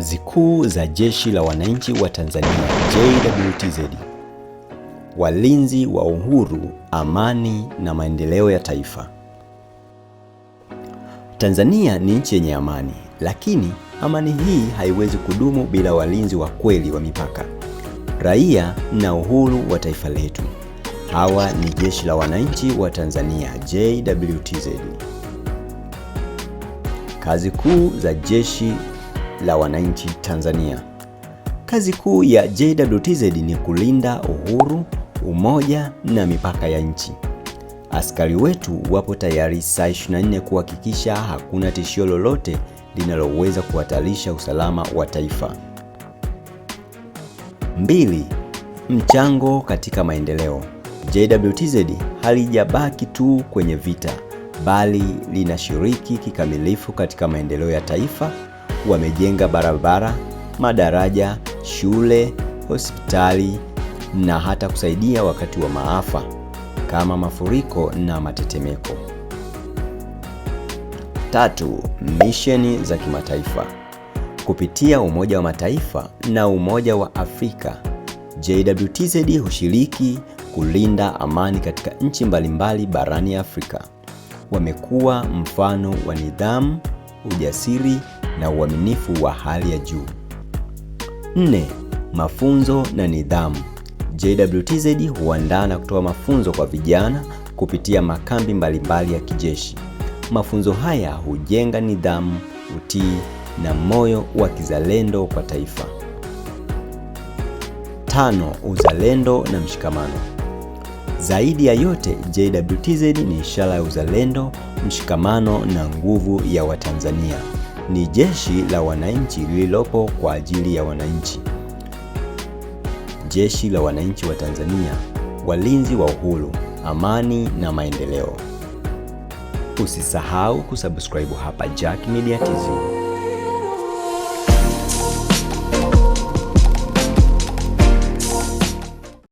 kazi kuu za Jeshi la Wananchi wa Tanzania JWTZ, walinzi wa uhuru, amani na maendeleo ya taifa. Tanzania ni nchi yenye amani, lakini amani hii haiwezi kudumu bila walinzi wa kweli wa mipaka, raia na uhuru wa taifa letu. Hawa ni Jeshi la Wananchi wa Tanzania JWTZ. Kazi kuu za Jeshi la wananchi Tanzania. Kazi kuu ya JWTZ ni kulinda uhuru, umoja na mipaka ya nchi. Askari wetu wapo tayari saa 24 kuhakikisha hakuna tishio lolote linaloweza kuhatarisha usalama wa taifa. Mbili, mchango katika maendeleo. JWTZ halijabaki tu kwenye vita bali linashiriki kikamilifu katika maendeleo ya taifa wamejenga barabara, madaraja, shule, hospitali na hata kusaidia wakati wa maafa kama mafuriko na matetemeko. Tatu, misheni za kimataifa. Kupitia Umoja wa Mataifa na Umoja wa Afrika, JWTZ hushiriki kulinda amani katika nchi mbalimbali barani Afrika. Wamekuwa mfano wa nidhamu, ujasiri na uaminifu wa hali ya juu. Nne, mafunzo na nidhamu. JWTZ huandaa na kutoa mafunzo kwa vijana kupitia makambi mbalimbali ya kijeshi. Mafunzo haya hujenga nidhamu, utii na moyo wa kizalendo kwa taifa. Tano, uzalendo na mshikamano. Zaidi ya yote, JWTZ ni ishara ya uzalendo, mshikamano na nguvu ya Watanzania ni jeshi la wananchi lililopo kwa ajili ya wananchi. Jeshi la Wananchi wa Tanzania, walinzi wa uhuru, amani na maendeleo. Usisahau kusubscribe hapa Jack Media tz